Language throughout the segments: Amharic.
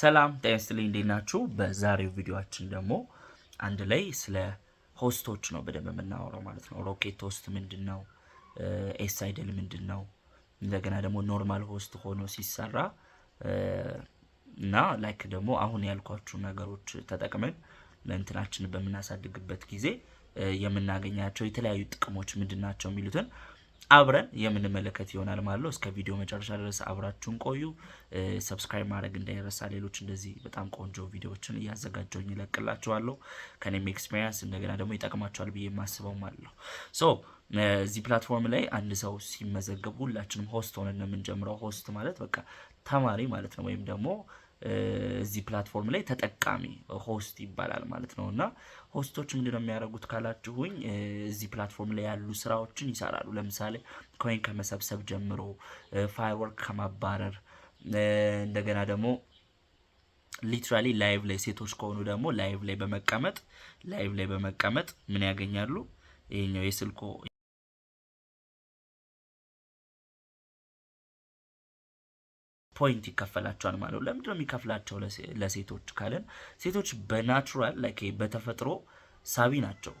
ሰላም ጤና ይስጥልኝ፣ እንዴት ናችሁ? በዛሬው ቪዲዮአችን ደግሞ አንድ ላይ ስለ ሆስቶች ነው በደንብ የምናወራው ማለት ነው። ሮኬት ሆስት ምንድን ነው? ኤስ አይደል ምንድን ነው? እንደገና ደግሞ ኖርማል ሆስት ሆኖ ሲሰራ እና ላይክ ደግሞ አሁን ያልኳችሁ ነገሮች ተጠቅመን እንትናችንን በምናሳድግበት ጊዜ የምናገኛቸው የተለያዩ ጥቅሞች ምንድን ናቸው የሚሉትን አብረን የምንመለከት ይሆናል ማለት ነው። እስከ ቪዲዮ መጨረሻ ድረስ አብራችሁን ቆዩ። ሰብስክራይብ ማድረግ እንዳይረሳ። ሌሎች እንደዚህ በጣም ቆንጆ ቪዲዮዎችን እያዘጋጀውኝ ይለቅላችኋለሁ። ከኔም ኤክስፔሪንስ እንደገና ደግሞ ይጠቅማችኋል ብዬ የማስበው ማለት ነው። እዚህ ፕላትፎርም ላይ አንድ ሰው ሲመዘገብ ሁላችንም ሆስት ሆነን የምንጀምረው። ሆስት ማለት በቃ ተማሪ ማለት ነው ወይም ደግሞ እዚህ ፕላትፎርም ላይ ተጠቃሚ ሆስት ይባላል ማለት ነው። እና ሆስቶች ምንድነው የሚያደርጉት ካላችሁኝ እዚህ ፕላትፎርም ላይ ያሉ ስራዎችን ይሰራሉ። ለምሳሌ ኮይን ከመሰብሰብ ጀምሮ ፋይርወርክ ከማባረር እንደገና ደግሞ ሊትራሊ ላይቭ ላይ ሴቶች ከሆኑ ደግሞ ላይቭ ላይ በመቀመጥ ላይቭ ላይ በመቀመጥ ምን ያገኛሉ? ይሄኛው የስልኮ ፖይንት ይከፈላቸዋል ማለት ነው። ለምንድነው የሚከፍላቸው ለሴቶች ካለን ሴቶች በናቹራል ላ በተፈጥሮ ሳቢ ናቸው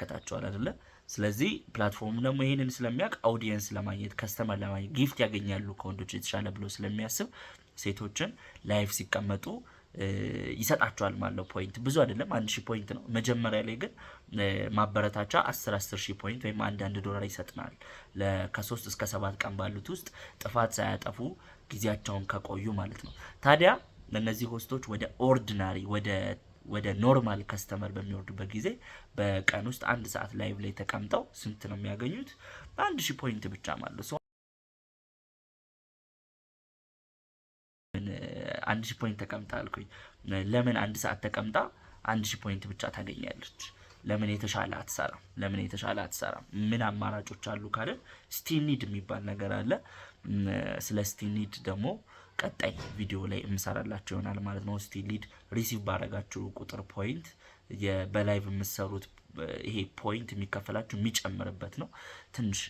ከታቸዋል አይደለ? ስለዚህ ፕላትፎርም ደግሞ ይህንን ስለሚያውቅ አውዲየንስ ለማግኘት ከስተመር ለማግኘት ጊፍት ያገኛሉ ከወንዶች የተሻለ ብሎ ስለሚያስብ ሴቶችን ላይፍ ሲቀመጡ ይሰጣቸዋል ማለት ነው። ፖይንት ብዙ አይደለም፣ አንድ ሺህ ፖይንት ነው። መጀመሪያ ላይ ግን ማበረታቻ አስር አስር ሺህ ፖይንት ወይም አንድ አንድ ዶላር ይሰጥናል ከሶስት እስከ ሰባት ቀን ባሉት ውስጥ ጥፋት ሳያጠፉ ጊዜያቸውን ከቆዩ ማለት ነው። ታዲያ እነዚህ ሆስቶች ወደ ኦርዲናሪ ወደ ወደ ኖርማል ከስተመር በሚወርዱበት ጊዜ በቀን ውስጥ አንድ ሰዓት ላይቭ ላይ ተቀምጠው ስንት ነው የሚያገኙት? አንድ ሺህ ፖይንት ብቻ ማለት ነው። ለምን አንድ ሺህ ፖይንት ተቀምጣ አልኩኝ። ለምን አንድ ሰዓት ተቀምጣ አንድ ሺህ ፖይንት ብቻ ታገኛለች? ለምን የተሻለ አትሰራም? ለምን የተሻለ አትሰራም? ምን አማራጮች አሉ ካልን ስቲኒድ የሚባል ነገር አለ። ስለ ስቲኒድ ደግሞ ቀጣይ ቪዲዮ ላይ የምሰራላቸው ይሆናል ማለት ነው። ስቲኒድ ሪሲቭ ባረጋችሁ ቁጥር ፖይንት በላይቭ የምትሰሩት ይሄ ፖይንት የሚከፈላችሁ የሚጨምርበት ነው። ትንሽ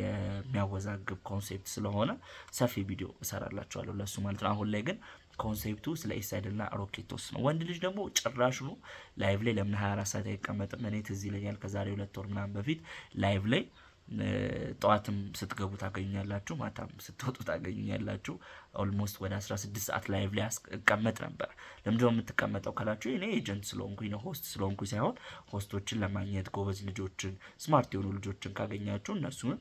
የሚያወዛግብ ኮንሴፕት ስለሆነ ሰፊ ቪዲዮ እሰራላችኋለሁ ለሱ ማለት ነው። አሁን ላይ ግን ኮንሴፕቱ ስለ ኢሳይድና ሮኬቶስ ነው። ወንድ ልጅ ደግሞ ጭራሽ ነው ላይቭ ላይ ለምን 24 ሰዓት አይቀመጥም? እኔ ትዝ ይለኛል ከዛሬ ሁለት ወር ምናምን በፊት ላይቭ ላይ ጠዋትም ስትገቡ ታገኙኛላችሁ፣ ማታም ስትወጡ ታገኙኛላችሁ። ኦልሞስት ወደ 16 ሰዓት ላይቭ ላይ እቀመጥ ነበር። ለምንድነው የምትቀመጠው ካላችሁ እኔ ኤጀንት ስለሆንኩኝ ነው፣ ሆስት ስለሆንኩኝ ሳይሆን ሆስቶችን ለማግኘት ጎበዝ ልጆችን፣ ስማርት የሆኑ ልጆችን ካገኛችሁ እነሱን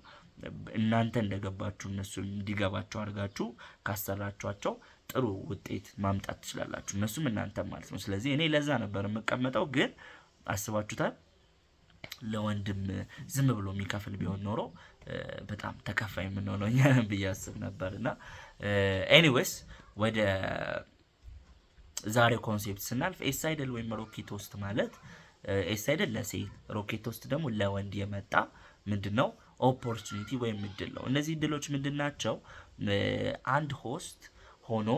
እናንተ እንደገባችሁ እነሱ እንዲገባቸው አድርጋችሁ ካሰራችኋቸው ጥሩ ውጤት ማምጣት ትችላላችሁ፣ እነሱም እናንተ ማለት ነው። ስለዚህ እኔ ለዛ ነበር የምቀመጠው፣ ግን አስባችሁታል ለወንድም ዝም ብሎ የሚከፍል ቢሆን ኖሮ በጣም ተከፋይ የምንሆነው እኛ ብዬ አስብ ነበር። እና ኤኒዌይስ ወደ ዛሬው ኮንሴፕት ስናልፍ ኤስ ወይም ሮኬት ሆስት ማለት ኤስ ለሴት ሮኬት ሆስት ደግሞ ለወንድ የመጣ ምንድን ነው ኦፖርቹኒቲ ወይም እድል ነው። እነዚህ እድሎች ምንድን ናቸው? አንድ ሆስት ሆኖ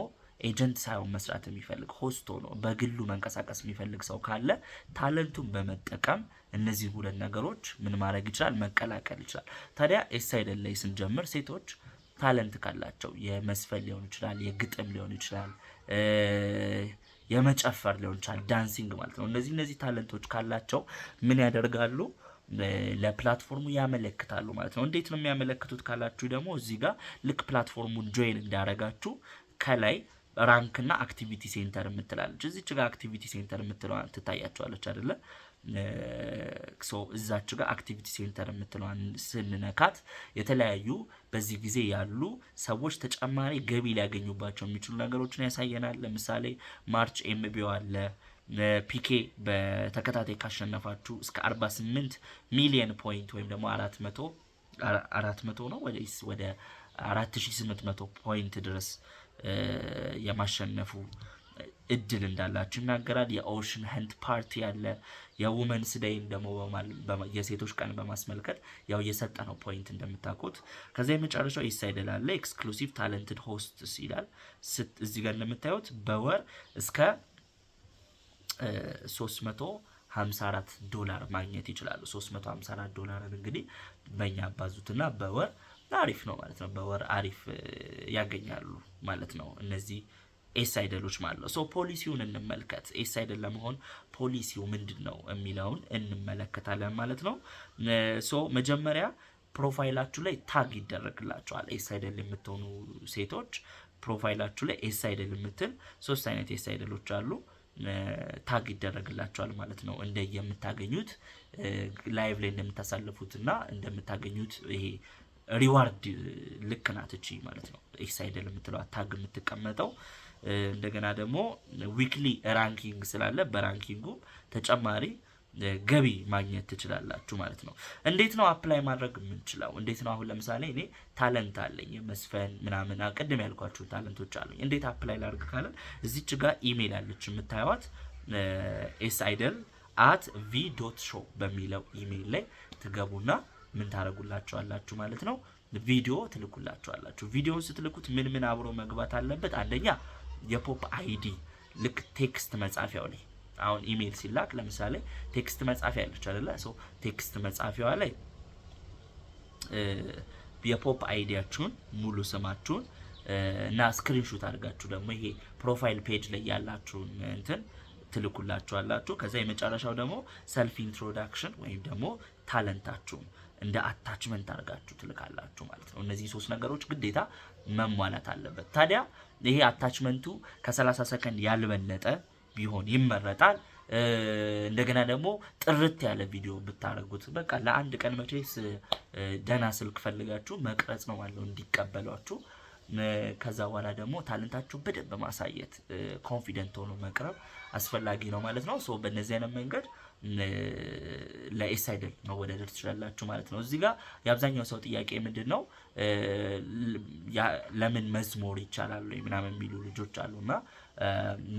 ኤጀንት ሳይሆን መስራት የሚፈልግ ሆስት ሆኖ በግሉ መንቀሳቀስ የሚፈልግ ሰው ካለ ታለንቱን በመጠቀም እነዚህ ሁለት ነገሮች ምን ማድረግ ይችላል? መቀላቀል ይችላል። ታዲያ ኤሳይደል ላይ ስንጀምር ሴቶች ታለንት ካላቸው የመስፈል ሊሆን ይችላል፣ የግጥም ሊሆን ይችላል፣ የመጨፈር ሊሆን ይችላል፣ ዳንሲንግ ማለት ነው። እነዚህ እነዚህ ታለንቶች ካላቸው ምን ያደርጋሉ? ለፕላትፎርሙ ያመለክታሉ ማለት ነው። እንዴት ነው የሚያመለክቱት ካላችሁ ደግሞ እዚህ ጋር ልክ ፕላትፎርሙን ጆይን እንዳረጋችሁ ከላይ ራንክ እና አክቲቪቲ ሴንተር የምትላለች እዚች ጋር አክቲቪቲ ሴንተር የምትለዋን ትታያቸዋለች አደለ? ሰው እዛች ጋር አክቲቪቲ ሴንተር የምትለዋን ስንነካት የተለያዩ በዚህ ጊዜ ያሉ ሰዎች ተጨማሪ ገቢ ሊያገኙባቸው የሚችሉ ነገሮችን ያሳየናል። ለምሳሌ ማርች ኤምቢው አለ ፒኬ በተከታታይ ካሸነፋችሁ እስከ 48 ሚሊየን ፖይንት ወይም ደግሞ አራት መቶ ነው ወደ አራት ስምንት መቶ ፖይንት ድረስ የማሸነፉ እድል እንዳላቸው ይናገራል። የኦሽን ሀንት ፓርቲ ያለ የውመንስ ደይን ደግሞ የሴቶች ቀን በማስመልከት ያው እየሰጠ ነው ፖይንት እንደምታውቁት። ከዚ የመጨረሻው ኢሳይደል አለ ኤክስክሉሲቭ ታለንትድ ሆስትስ ይላል። እዚህ ጋር እንደምታዩት በወር እስከ 354 ዶላር ማግኘት ይችላሉ። 354 ዶላርን እንግዲህ በእኛ አባዙትና በወር አሪፍ ነው ማለት ነው። በወር አሪፍ ያገኛሉ ማለት ነው እነዚህ ኤስ አይደሎች ማለት ነው። ሶ ፖሊሲውን እንመልከት። ኤስ አይደል ለመሆን ፖሊሲው ምንድን ነው የሚለውን እንመለከታለን ማለት ነው። ሶ መጀመሪያ ፕሮፋይላችሁ ላይ ታግ ይደረግላችኋል። ኤስ አይደል የምትሆኑ ሴቶች ፕሮፋይላችሁ ላይ ኤስ አይደል የምትል ሶስት አይነት ኤስ አይደሎች አሉ ታግ ይደረግላቸዋል ማለት ነው። እንደ የምታገኙት ላይቭ ላይ እንደምታሳልፉት እና እንደምታገኙት ይሄ ሪዋርድ ልክ ናት እቺ ማለት ነው። ኤክስ አይደል የምትለው ታግ የምትቀመጠው እንደገና ደግሞ ዊክሊ ራንኪንግ ስላለ በራንኪንጉ ተጨማሪ ገቢ ማግኘት ትችላላችሁ ማለት ነው። እንዴት ነው አፕላይ ማድረግ የምንችለው? እንዴት ነው አሁን ለምሳሌ እኔ ታለንት አለኝ መስፈን ምናምን ቅድም ያልኳችሁ ታለንቶች አለኝ። እንዴት አፕላይ ላድርግ ካለን እዚች ጋር ኢሜል አለች የምታየዋት ኤስ አይደል አት ቪ ዶት ሾ በሚለው ኢሜይል ላይ ትገቡና ምን ታደርጉላቸዋላችሁ ማለት ነው? ቪዲዮ ትልኩላቸዋላችሁ። ቪዲዮን ስትልኩት ምን ምን አብሮ መግባት አለበት? አንደኛ የፖፕ አይዲ ልክ ቴክስት መጻፊያው ላይ አሁን ኢሜይል ሲላክ ለምሳሌ ቴክስት መጻፊያ ያለች አይደለ? ሰው ቴክስት መጻፊያዋ ላይ የፖፕ አይዲያችሁን ሙሉ ስማችሁን እና ስክሪንሹት አድርጋችሁ ደግሞ ይሄ ፕሮፋይል ፔጅ ላይ ያላችሁን እንትን ትልኩላችኋላችሁ። ከዛ የመጨረሻው ደግሞ ሰልፍ ኢንትሮዳክሽን ወይም ደግሞ ታለንታችሁን እንደ አታችመንት አድርጋችሁ ትልካላችሁ ማለት ነው። እነዚህ ሶስት ነገሮች ግዴታ መሟላት አለበት። ታዲያ ይሄ አታችመንቱ ከ30 ሰከንድ ያልበለጠ ቢሆን ይመረጣል። እንደገና ደግሞ ጥርት ያለ ቪዲዮ ብታደርጉት በቃ ለአንድ ቀን መቼስ ደህና ስልክ ፈልጋችሁ መቅረጽ ነው ማለት እንዲቀበሏችሁ። ከዛ በኋላ ደግሞ ታለንታችሁ በደንብ ማሳየት ኮንፊደንት ሆኖ መቅረብ አስፈላጊ ነው ማለት ነው። በእነዚህ አይነት መንገድ ለኤስ አይደል መወዳደር ትችላላችሁ ማለት ነው። እዚህ ጋር የአብዛኛው ሰው ጥያቄ ምንድን ነው፣ ለምን መዝሙር ይቻላል ምናምን የሚሉ ልጆች አሉ እና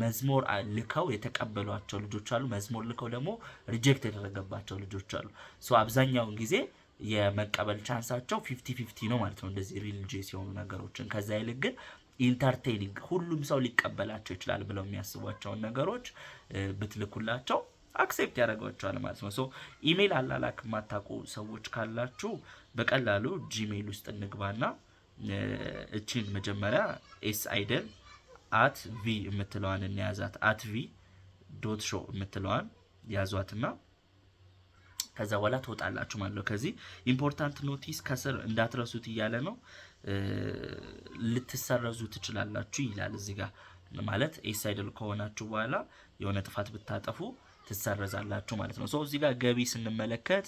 መዝሙር ልከው የተቀበሏቸው ልጆች አሉ። መዝሙር ልከው ደግሞ ሪጀክት የተደረገባቸው ልጆች አሉ። አብዛኛውን ጊዜ የመቀበል ቻንሳቸው ፊፍቲ ፊፍቲ ነው ማለት ነው። እንደዚህ ሪሊጂየስ የሆኑ ነገሮችን ከዛ ይልቅ ግን ኢንተርቴኒንግ ሁሉም ሰው ሊቀበላቸው ይችላል ብለው የሚያስቧቸውን ነገሮች ብትልኩላቸው አክሴፕት ያደርጓቸዋል ማለት ነው። ሶ ኢሜይል አላላክ የማታውቁ ሰዎች ካላችሁ በቀላሉ ጂሜይል ውስጥ እንግባና እቺን መጀመሪያ ኤስ አይደል አት ቪ የምትለዋን እንያዛት። አት ቪ ዶት ሾ የምትለዋን ያዟትና ከዛ በኋላ ትወጣላችሁ ማለት ነው። ከዚህ ኢምፖርታንት ኖቲስ ከስር እንዳትረሱት እያለ ነው። ልትሰረዙ ትችላላችሁ ይላል እዚህ ጋር ማለት ኤስ አይደል ከሆናችሁ በኋላ የሆነ ጥፋት ብታጠፉ ትሰረዛላችሁ ማለት ነው። ሰው እዚህ ጋር ገቢ ስንመለከት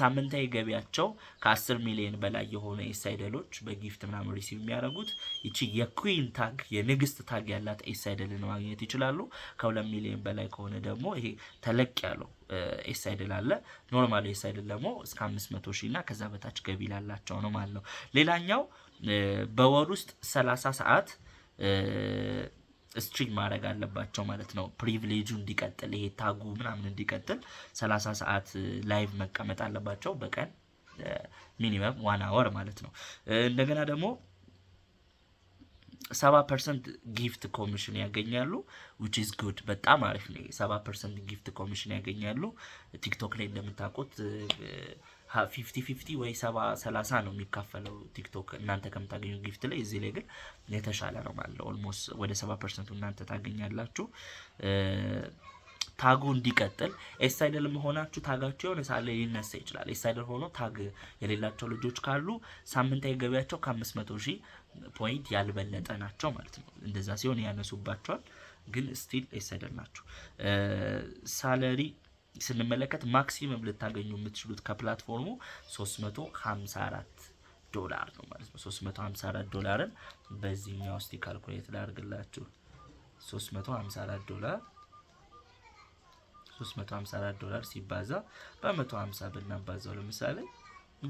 ሳምንታዊ ገቢያቸው ከ10 ሚሊዮን በላይ የሆነ ኤሳይደሎች በጊፍት ምናምን ሪሲቭ የሚያደርጉት ይቺ የኩዊን ታግ የንግስት ታግ ያላት ኤሳይደልን ማግኘት ይችላሉ። ከ2 ሚሊዮን በላይ ከሆነ ደግሞ ይሄ ተለቅ ያለው ኤስ አይድል አለ። ኖርማል ኤስ አይድል ደግሞ እስከ 500 ሺህ እና ከዛ በታች ገቢ ላላቸው ነው ማለት ነው። ሌላኛው በወር ውስጥ 30 ሰዓት ስትሪም ማድረግ አለባቸው ማለት ነው። ፕሪቪሌጁ እንዲቀጥል ይሄ ታጉ ምናምን እንዲቀጥል ሰላሳ ሰዓት ላይቭ መቀመጥ አለባቸው በቀን ሚኒመም ዋን አወር ማለት ነው። እንደገና ደግሞ ሰባ ፐርሰንት ጊፍት ኮሚሽን ያገኛሉ። ዊች ኢዝ ጉድ በጣም አሪፍ ነው። ሰባ ፐርሰንት ጊፍት ኮሚሽን ያገኛሉ። ቲክቶክ ላይ እንደምታውቁት ፊፍቲ ፊፍቲ ወይ ሰባ ሰላሳ ነው የሚካፈለው ቲክቶክ እናንተ ከምታገኙ ጊፍት ላይ። እዚህ ላይ ግን የተሻለ ነው ማለት ነው። ኦልሞስት ወደ ሰባ ፐርሰንቱ እናንተ ታገኛላችሁ። ታጉ እንዲቀጥል ኤሳይደል መሆናችሁ ታጋችሁ የሆነ ሳለ ሊነሳ ይችላል። ኤስሳይደል ሆኖ ታግ የሌላቸው ልጆች ካሉ ሳምንታዊ ገቢያቸው ከአምስት መቶ ሺህ ፖይንት ያልበለጠ ናቸው ማለት ነው። እንደዛ ሲሆን ያነሱባቸዋል፣ ግን ስቲል ኤሳይደል ናቸው። ሳለሪ ስንመለከት ማክሲመም ልታገኙ የምትችሉት ከፕላትፎርሙ 354 ዶላር ነው ማለት ነው። 354 ዶላርን በዚህኛው ውስጥ ካልኩሌት ላድርግላችሁ። 354 ዶላር 354 ዶላር ሲባዛ በ150 ብናባዛው ለምሳሌ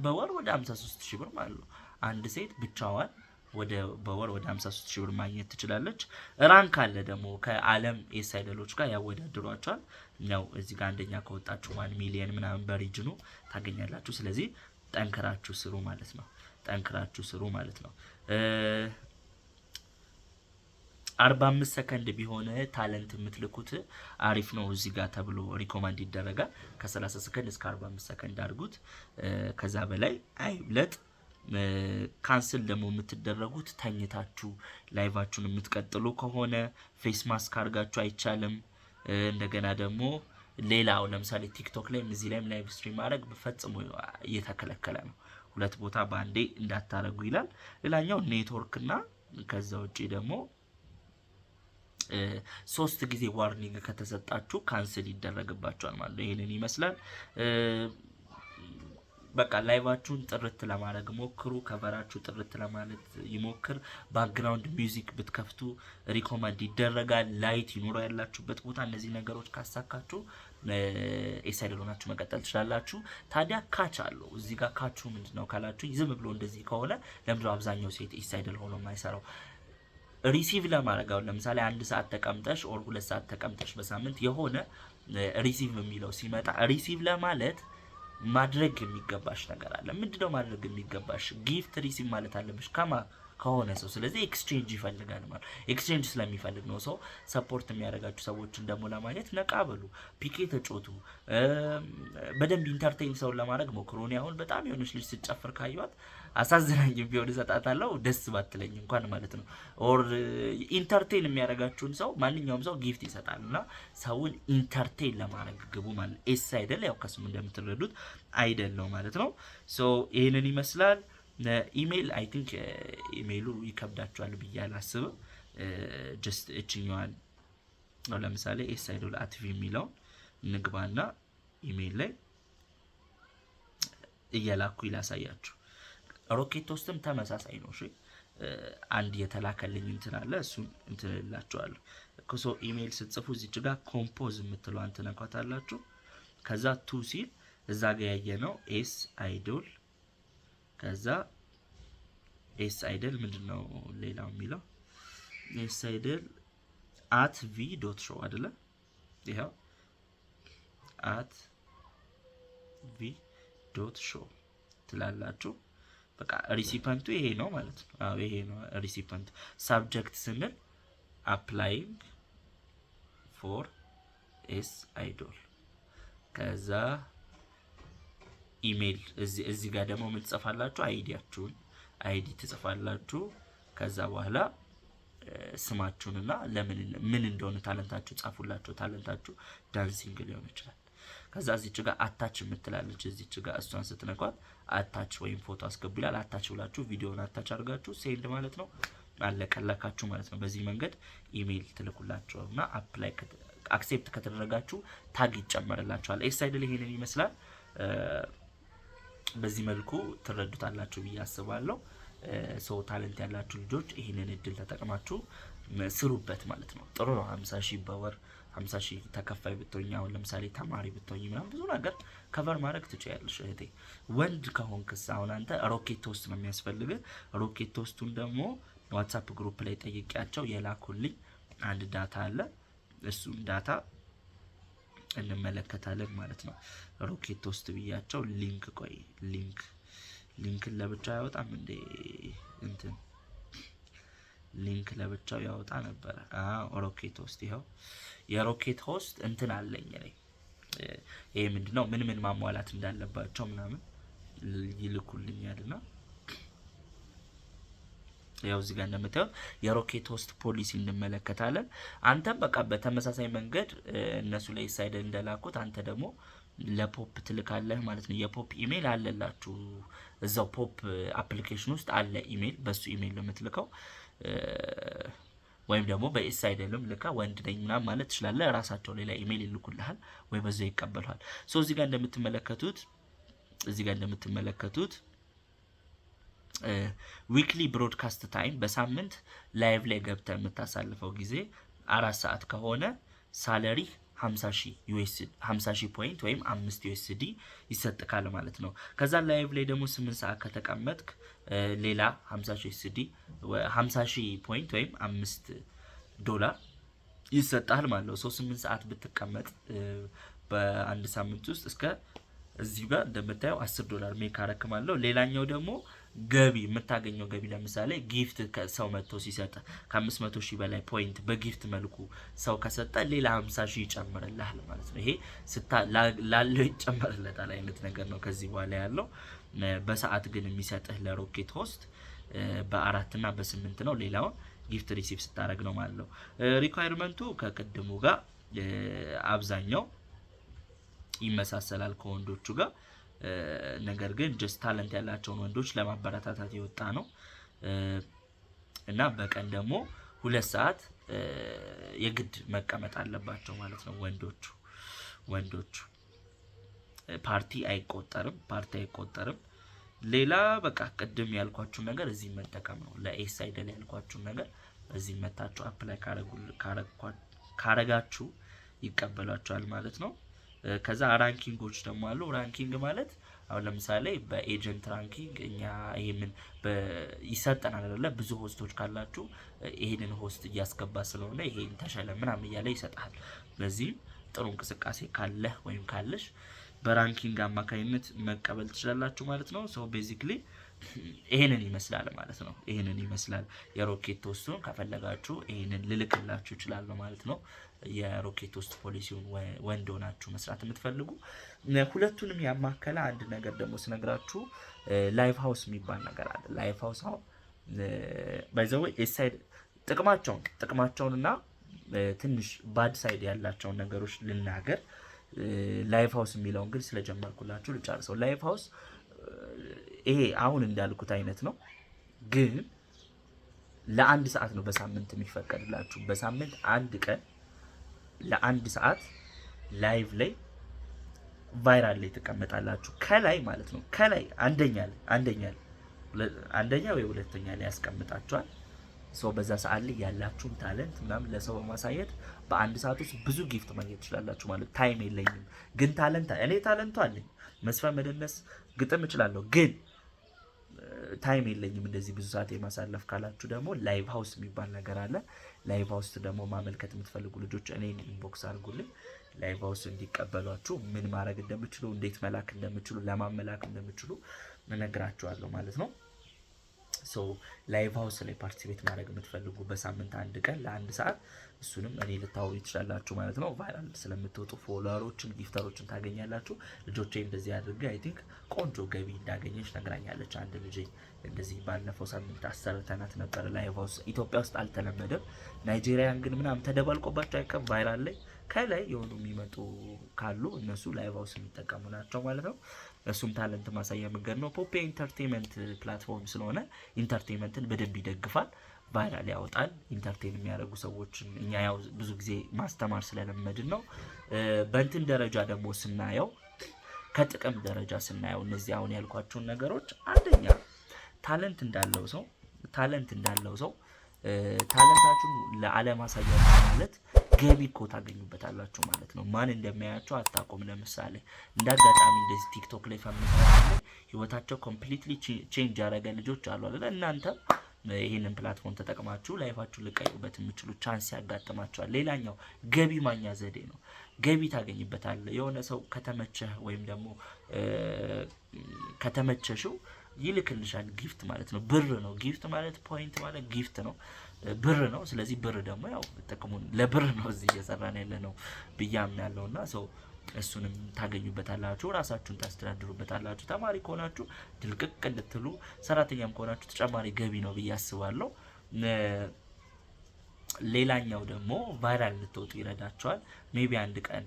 በወር ወደ 53 ሺህ ብር ማለት ነው። አንድ ሴት ብቻዋን ወደ በወር ወደ 53 ሺህ ብር ማግኘት ትችላለች። ራን ካለ ደግሞ ኤስ አይደሎች ጋር ያወዳድሯቸዋል። ያው እዚህ ጋር አንደኛ ከወጣችሁ ዋን ሚሊየን ምናምን በሪጅኑ ታገኛላችሁ። ስለዚህ ጠንክራችሁ ስሩ ማለት ነው። ጠንክራችሁ ስሩ ማለት ነው። አርባ አምስት ሰከንድ ቢሆን ታለንት የምትልኩት አሪፍ ነው። እዚህ ጋር ተብሎ ሪኮማንድ ይደረጋል ከሰላሳ ሰከንድ እስከ አምስት ሰከንድ አድርጉት። ከዛ በላይ አይብለጥ። ካንስል ደግሞ የምትደረጉት ተኝታችሁ ላይቫችሁን የምትቀጥሉ ከሆነ ፌስ ማስክ አርጋችሁ አይቻልም። እንደገና ደግሞ ሌላው ለምሳሌ ቲክቶክ ላይም እዚህ ላይም ላይቭ ስትሪም ማድረግ በፈጽሞ እየተከለከለ ነው። ሁለት ቦታ በአንዴ እንዳታረጉ ይላል። ሌላኛው ኔትወርክ እና ከዛ ውጭ ደግሞ ሶስት ጊዜ ዋርኒንግ ከተሰጣችሁ ካንስል ይደረግባቸዋል ማለት ነው። ይህንን ይመስላል። በቃ ላይቫችሁን ጥርት ለማድረግ ሞክሩ። ከበራችሁ ጥርት ለማለት ይሞክር። ባክግራውንድ ሚውዚክ ብትከፍቱ ሪኮመንድ ይደረጋል። ላይት ይኑረው ያላችሁበት ቦታ። እነዚህ ነገሮች ካሳካችሁ ኤሳይድ ሆናችሁ መቀጠል ትችላላችሁ። ታዲያ ካች አለው እዚህ ጋር ካቹ ምንድን ነው ካላችሁ፣ ዝም ብሎ እንደዚህ ከሆነ ለምድ አብዛኛው ሴት ኤሳይድል ሆኖ የማይሰራው ሪሲቭ ለማድረግ አሁን ለምሳሌ አንድ ሰዓት ተቀምጠሽ ኦር ሁለት ሰዓት ተቀምጠሽ በሳምንት የሆነ ሪሲቭ የሚለው ሲመጣ ሪሲቭ ለማለት ማድረግ የሚገባሽ ነገር አለ። ምንድነው ማድረግ የሚገባሽ? ጊፍት ሪሲቭ ማለት አለብሽ ከማ ከሆነ ሰው። ስለዚህ ኤክስቼንጅ ይፈልጋል ማለት ኤክስቼንጅ ስለሚፈልግ ነው ሰው ሰፖርት የሚያደርጋችሁ ሰዎችን ደግሞ ለማግኘት ነቃ በሉ፣ ፒኬ ተጮቱ፣ በደንብ ኢንተርቴን ሰውን ለማድረግ ሞክሩ። እኔ አሁን በጣም የሆነች ልጅ ስጨፍር ካዩዋት አሳዝናኝ ቢሆን እሰጣታለሁ፣ ደስ ባትለኝ እንኳን ማለት ነው። ኦር ኢንተርቴን የሚያደርጋችሁን ሰው ማንኛውም ሰው ጊፍት ይሰጣል እና ሰውን ኢንተርቴን ለማድረግ ግቡ ማለት ኤስ አይደል፣ ያው ከስሙ እንደምትረዱት አይደል ነው ማለት ነው። ሶ ይህንን ይመስላል። ኢሜይል አይ ቲንክ ኢሜይሉ ይከብዳችኋል ብዬ አላስብም። ጀስት እችኛዋን ነው ለምሳሌ ኤስ አይዶል አትቪ የሚለውን ንግባና ኢሜይል ላይ እየላኩ ይላሳያችሁ። ሮኬት ውስጥም ተመሳሳይ ነው። እሺ አንድ የተላከልኝ እንትን አለ እሱን እንትን እላችኋለሁ። ክሶ ኢሜይል ስትጽፉ እዚች ጋር ኮምፖዝ የምትለዋን ትነኳታላችሁ። ከዛ ቱ ሲል እዛ ጋ ያየ ነው ኤስ አይዶል ከዛ ኤስ አይደል ምንድን ነው ሌላው የሚለው ኤስ አይደል አት ቪ ዶት ሾው አይደለ? ይኸው አት ቪ ዶት ሾው ትላላችሁ። በቃ ሪሲፐንቱ ይሄ ነው ማለት ነው። ይሄ ነው ሪሲፐንቱ። ሳብጀክት ስንል አፕላይንግ ፎር ኤስ አይዶል ከዛ ኢሜይል እዚህ ጋር ደግሞ ምን ትጽፋላችሁ? አይዲያችሁን አይዲ ትጽፋላችሁ። ከዛ በኋላ ስማችሁንና ለምን ምን እንደሆነ ታለንታችሁ ጻፉላችሁ። ታለንታችሁ ዳንሲንግ ሊሆን ይችላል። ከዛ እዚች ጋር አታች የምትላለች እዚች ጋር እሷን ስትነኳት አታች ወይም ፎቶ አስገቡ ይላል። አታች ብላችሁ ቪዲዮን አታች አድርጋችሁ ሴንድ ማለት ነው አለቀላካችሁ ማለት ነው። በዚህ መንገድ ኢሜይል ትልኩላቸውና አፕላይ አክሴፕት ከተደረጋችሁ ታግ ይጨመርላችኋል። ኤስ አይድል ይሄንን ይመስላል። በዚህ መልኩ ትረዱታላችሁ ብዬ አስባለሁ። ሰው ታለንት ያላችሁ ልጆች ይህንን እድል ተጠቅማችሁ ስሩበት ማለት ነው። ጥሩ ነው። 50 ሺህ በወር ሀምሳ ሺህ ተከፋይ ብትሆኝ አሁን ለምሳሌ ተማሪ ብትሆኝ ምናምን ብዙ ነገር ከቨር ማድረግ ትችያለሽ እህቴ። ወንድ ከሆንክስ አሁን አንተ ሮኬት ውስጥ ነው የሚያስፈልግህ። ሮኬት ውስጡን ደግሞ ዋትሳፕ ግሩፕ ላይ ጠይቂያቸው የላኩልኝ አንድ ዳታ አለ። እሱን ዳታ እንመለከታለን ማለት ነው። ሮኬት ውስጥ ብያቸው ሊንክ፣ ቆይ ሊንክ ሊንክን ለብቻ ያወጣም እንዴ? እንትን ሊንክ ለብቻው ያወጣ ነበረ። ሮኬት ውስጥ ይኸው የሮኬት ሆስት እንትን አለኝ እኔ ይህ ምንድን ነው ምን ምን ማሟላት እንዳለባቸው ምናምን ይልኩልኛል ና ያው እዚህ ጋር እንደምታዩት የሮኬት ሆስት ፖሊሲ እንመለከታለን። አንተም በቃ በተመሳሳይ መንገድ እነሱ ላይ ሳይደ እንደላኩት አንተ ደግሞ ለፖፕ ትልካለህ ማለት ነው። የፖፕ ኢሜይል አለላችሁ እዛው ፖፕ አፕሊኬሽን ውስጥ አለ ኢሜይል። በሱ ኢሜይል ነው የምትልከው። ወይም ደግሞ በኤስ አይደለም ልካ ወንድ ነኝ ምናምን ማለት ትችላለ። ራሳቸው ሌላ ኢሜይል ይልኩልሃል ወይ በዛ ይቀበሉሃል። ሶ እዚህ ጋር እንደምትመለከቱት እዚህ ጋር እንደምትመለከቱት ዊክሊ ብሮድካስት ታይም በሳምንት ላይቭ ላይ ገብተ የምታሳልፈው ጊዜ አራት ሰዓት ከሆነ ሳለሪ 50 ሺህ ፖይንት ወይም አምስት ዩኤስዲ ይሰጥካል ማለት ነው። ከዛ ላይቭ ላይ ደግሞ ስምንት ሰዓት ከተቀመጥክ ሌላ 50 ሺህ ስዲ 50 ሺህ ፖይንት ወይም አምስት ዶላር ይሰጣል ማለት ነው። ሰው ስምንት ሰዓት ብትቀመጥ በአንድ ሳምንት ውስጥ እስከ እዚህ ጋር እንደምታየው አስር ዶላር ሜክ አረክ ሌላኛው ደግሞ ገቢ የምታገኘው ገቢ ለምሳሌ ጊፍት ሰው መጥቶ ሲሰጥ ከአምስት መቶ ሺህ በላይ ፖይንት በጊፍት መልኩ ሰው ከሰጠ ሌላ ሀምሳ ሺህ ይጨምርልሃል ማለት ነው። ይሄ ላለው ይጨምርለታል አይነት ነገር ነው ከዚህ በኋላ ያለው በሰዓት ግን የሚሰጥህ ለሮኬት ሆስት በአራት እና በስምንት ነው። ሌላውን ጊፍት ሪሲቭ ስታደረግ ነው ማለት ነው። ሪኳይርመንቱ ከቅድሙ ጋር አብዛኛው ይመሳሰላል ከወንዶቹ ጋር። ነገር ግን ጀስት ታለንት ያላቸውን ወንዶች ለማበረታታት የወጣ ነው እና በቀን ደግሞ ሁለት ሰዓት የግድ መቀመጥ አለባቸው ማለት ነው ወንዶቹ ወንዶቹ ፓርቲ አይቆጠርም። ፓርቲ አይቆጠርም። ሌላ በቃ ቅድም ያልኳችሁ ነገር እዚህ መጠቀም ነው። ለኤስ አይደል ያልኳችሁ ነገር እዚህ መታችሁ አፕላይ ካረጋችሁ ይቀበላችኋል ማለት ነው። ከዛ ራንኪንጎች ደግሞ አሉ። ራንኪንግ ማለት አሁን ለምሳሌ በኤጀንት ራንኪንግ እኛ ይህምን ይሰጠናል አይደለ? ብዙ ሆስቶች ካላችሁ ይህንን ሆስት እያስገባ ስለሆነ ይሄን ተሸለ ምናምን እያለ ይሰጣል። ለዚህም ጥሩ እንቅስቃሴ ካለህ ወይም ካለሽ በራንኪንግ አማካኝነት መቀበል ትችላላችሁ ማለት ነው። ሰው ቤዚክሊ ይሄንን ይመስላል ማለት ነው። ይህንን ይመስላል የሮኬት ቶስቱን ከፈለጋችሁ ይሄንን ልልክላችሁ እችላለሁ ማለት ነው። የሮኬት ውስጥ ፖሊሲውን ወንድ ሆናችሁ መስራት የምትፈልጉ ሁለቱንም ያማከለ አንድ ነገር ደግሞ ስነግራችሁ ላይፍ ሀውስ የሚባል ነገር አለ። ላይፍ ሀውስ አሁን ባይዘወ ሳይድ ጥቅማቸውን ጥቅማቸውንና ትንሽ ባድ ሳይድ ያላቸውን ነገሮች ልናገር ላይፍ ሀውስ የሚለውን ግን ስለጀመርኩላችሁ ልጨርሰው። ላይፍ ሀውስ ይሄ አሁን እንዳልኩት አይነት ነው፣ ግን ለአንድ ሰዓት ነው በሳምንት የሚፈቀድላችሁ። በሳምንት አንድ ቀን ለአንድ ሰዓት ላይቭ ላይ ቫይራል ላይ ትቀመጣላችሁ። ከላይ ማለት ነው ከላይ አንደኛ ላይ አንደኛ አንደኛ ወይ ሁለተኛ ላይ ያስቀምጣችኋል። ሰው በዛ ሰዓት ላይ ያላችሁን ታለንት ምናምን ለሰው በማሳየት በአንድ ሰዓት ውስጥ ብዙ ጊፍት ማግኘት ትችላላችሁ። ማለት ታይም የለኝም ግን ታለንት እኔ ታለንቱ አለኝ፣ መስፈን፣ መደነስ፣ ግጥም እችላለሁ ግን ታይም የለኝም እንደዚህ ብዙ ሰዓት የማሳለፍ ካላችሁ ደግሞ ላይቭ ሀውስ የሚባል ነገር አለ። ላይቭ ሀውስ ደግሞ ማመልከት የምትፈልጉ ልጆች እኔ ኢንቦክስ አድርጉልኝ። ላይቭ ሀውስ እንዲቀበሏችሁ ምን ማድረግ እንደምችሉ እንዴት መላክ እንደምችሉ ለማመላክ እንደምችሉ እነግራችኋለሁ ማለት ነው። ሰው ላይቭ ሀውስ ላይ ፓርቲሲፔት ማድረግ የምትፈልጉ በሳምንት አንድ ቀን ለአንድ ሰዓት እሱንም እኔ ልታወሩ ትችላላችሁ ማለት ነው። ቫይራል ስለምትወጡ ፎሎወሮችን ጊፍተሮችን ታገኛላችሁ። ልጆቼ እንደዚህ አድርገ አይ ቲንክ ቆንጆ ገቢ እንዳገኘች ነግራኛለች። አንድ ልጄ እንደዚህ ባለፈው ሳምንት አሰርተናት ነበር ላይቭ ሀውስ። ኢትዮጵያ ውስጥ አልተለመደም። ናይጄሪያን ግን ምናምን ተደባልቆባቸው አይቀም ቫይራል ላይ ከላይ የሆኑ የሚመጡ ካሉ እነሱ ላይቭ ሀውስ የሚጠቀሙ ናቸው ማለት ነው። እሱም ታለንት ማሳያ መንገድ ነው። ፖፕ ኢንተርቴንመንት ፕላትፎርም ስለሆነ ኢንተርቴንመንትን በደንብ ይደግፋል፣ ቫይራል ያወጣል። ኢንተርቴን የሚያደርጉ ሰዎችን እኛ ያው ብዙ ጊዜ ማስተማር ስለለመድን ነው። በእንትን ደረጃ ደግሞ ስናየው፣ ከጥቅም ደረጃ ስናየው እነዚህ አሁን ያልኳቸውን ነገሮች አንደኛ ታለንት እንዳለው ሰው ታለንት እንዳለው ሰው ታለንታችሁን ለዓለም አሳያ ማለት ገቢ እኮ ታገኙበታላችሁ ማለት ነው። ማን እንደሚያያቸው አታውቁም። ለምሳሌ እንደ አጋጣሚ እንደዚህ ቲክቶክ ላይ ፈምሳ ህይወታቸው ኮምፕሊትሊ ቼንጅ ያደረገ ልጆች አሉ አለ እናንተ ይህንን ፕላትፎርም ተጠቅማችሁ ላይፋችሁ ልቀዩበት የምችሉ ቻንስ ያጋጥማቸዋል። ሌላኛው ገቢ ማኛ ዘዴ ነው። ገቢ ታገኝበታለ የሆነ ሰው ከተመቸህ ወይም ደግሞ ከተመቸሽው ይልክልሻል ጊፍት ማለት ነው። ብር ነው ጊፍት ማለት ፖይንት ማለት ጊፍት ነው። ብር ነው። ስለዚህ ብር ደግሞ ያው ጥቅሙን ለብር ነው እዚህ እየሰራን ያለ ነው ብያም ያለው እና ሰው እሱንም ታገኙበታላችሁ፣ ራሳችሁን ታስተዳድሩበታላችሁ። ተማሪ ከሆናችሁ ድልቅቅ እንድትሉ፣ ሰራተኛም ከሆናችሁ ተጨማሪ ገቢ ነው ብዬ አስባለሁ። ሌላኛው ደግሞ ቫይራል ልትወጡ ይረዳቸዋል። ሜቢ አንድ ቀን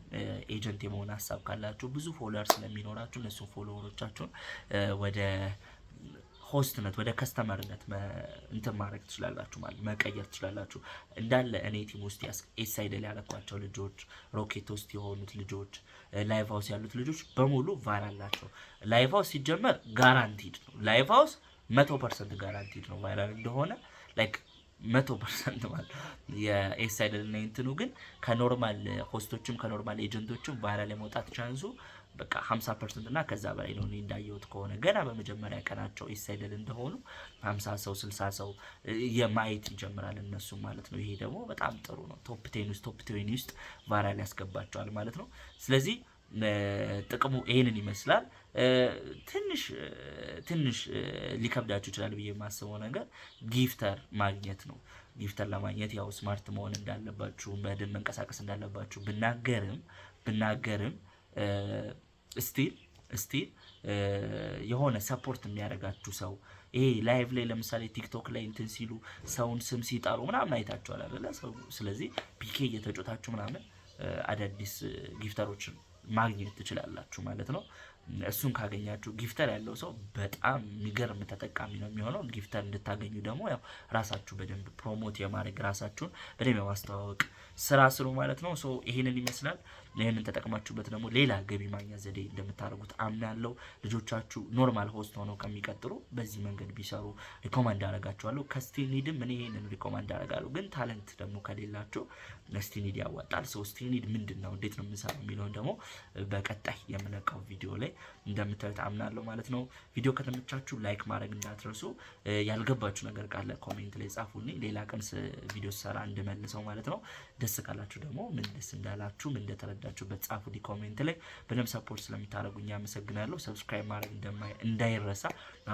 ኤጀንት የመሆን ሀሳብ ካላችሁ ብዙ ፎሎወር ስለሚኖራችሁ እነሱን ፎሎወሮቻችሁን ወደ ሆስትነት ወደ ከስተመርነት እንትን ማድረግ ትችላላችሁ፣ ማለት መቀየር ትችላላችሁ። እንዳለ እኔ ቲም ውስጥ ኤሳይደል ያለኳቸው ልጆች፣ ሮኬት ውስጥ የሆኑት ልጆች፣ ላይቭ ሀውስ ያሉት ልጆች በሙሉ ቫል አላቸው። ላይቭ ሀውስ ሲጀመር ጋራንቲድ ነው። ላይቭ ሀውስ መቶ ፐርሰንት ጋራንቲድ ነው ቫይራል እንደሆነ ላይክ መቶ ፐርሰንት ማለት የኤስ አይደል እና እንትኑ ግን ከኖርማል ሆስቶችም ከኖርማል ኤጀንቶችም ቫይራል የመውጣት ቻንሱ በቃ 50 ፐርሰንት እና ከዛ በላይ ነው። እንዳየሁት ከሆነ ገና በመጀመሪያ ቀናቸው ኢሳይደል እንደሆኑ 50 ሰው 60 ሰው የማየት ይጀምራል እነሱ ማለት ነው። ይሄ ደግሞ በጣም ጥሩ ነው። ቶፕ ቴን ውስጥ ቶፕ ቴን ውስጥ ቫይራል ያስገባቸዋል ማለት ነው። ስለዚህ ጥቅሙ ይሄንን ይመስላል። ትንሽ ትንሽ ሊከብዳችሁ ይችላል ብዬ የማስበው ነገር ጊፍተር ማግኘት ነው። ጊፍተር ለማግኘት ያው ስማርት መሆን እንዳለባችሁ በደንብ መንቀሳቀስ እንዳለባችሁ ብናገርም ብናገርም ስቲል ስቲል የሆነ ሰፖርት የሚያደርጋችሁ ሰው ይሄ ላይቭ ላይ ለምሳሌ ቲክቶክ ላይ እንትን ሲሉ ሰውን ስም ሲጣሉ ምናምን አይታችኋል አይደለ? ስለዚህ ፒኬ እየተጮታችሁ ምናምን አዳዲስ ጊፍተሮችን ማግኘት ትችላላችሁ ማለት ነው። እሱን ካገኛችሁ ጊፍተር ያለው ሰው በጣም የሚገርም ተጠቃሚ ነው የሚሆነው። ጊፍተር እንድታገኙ ደግሞ ያው ራሳችሁ በደንብ ፕሮሞት የማድረግ ራሳችሁን በደንብ የማስተዋወቅ ስራ ስሩ ማለት ነው። ይሄንን ይመስላል። ይህንን ተጠቅማችሁበት ደግሞ ሌላ ገቢ ማግኛ ዘዴ እንደምታደርጉት አምናለሁ። ልጆቻችሁ ኖርማል ሆስት ሆነው ከሚቀጥሉ በዚህ መንገድ ቢሰሩ ሪኮማንድ አደርጋችኋለሁ። ከስቲኒድም እኔ ይህንን ሪኮማንድ አደርጋለሁ። ግን ታለንት ደግሞ ከሌላቸው ስቲኒድ ያዋጣል። ሰው ስቲኒድ ምንድን ነው፣ እንዴት ነው የምንሰራው የሚለውን ደግሞ በቀጣይ የምለቀው ቪዲዮ ላይ እንደምታዩት አምናለሁ ማለት ነው። ቪዲዮ ከተመቻችሁ ላይክ ማድረግ እንዳትረሱ። ያልገባችሁ ነገር ካለ ኮሜንት ላይ ጻፉልኝ። ሌላ ቀን ቪዲዮ ሰራ እንድመልሰው ማለት ነው። ደስ ካላችሁ ደግሞ ምን ደስ እንዳላችሁ ምን እንደተረዳ በወዳችሁበት ጻፉ ኮሜንት ላይ። በደንብ ሰፖርት ስለምታደርጉኝ አመሰግናለሁ። ሰብስክራይብ ማድረግ እንዳይረሳ።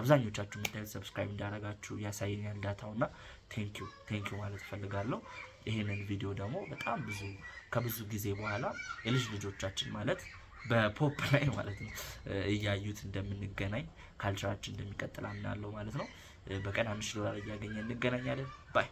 አብዛኞቻችሁ ምታዩት ሰብስክራይብ እንዳደረጋችሁ ያሳየኛል ዳታውና ቴንኪዩ ቴንኪዩ ማለት እፈልጋለሁ። ይሄንን ቪዲዮ ደግሞ በጣም ብዙ ከብዙ ጊዜ በኋላ የልጅ ልጆቻችን ማለት በፖፕ ላይ ማለት ነው እያዩት እንደምንገናኝ ካልቸራችን እንደሚቀጥል አምናለሁ ማለት ነው። በቀን አንድ ሺህ ዶላር እያገኘ እንገናኛለን ባይ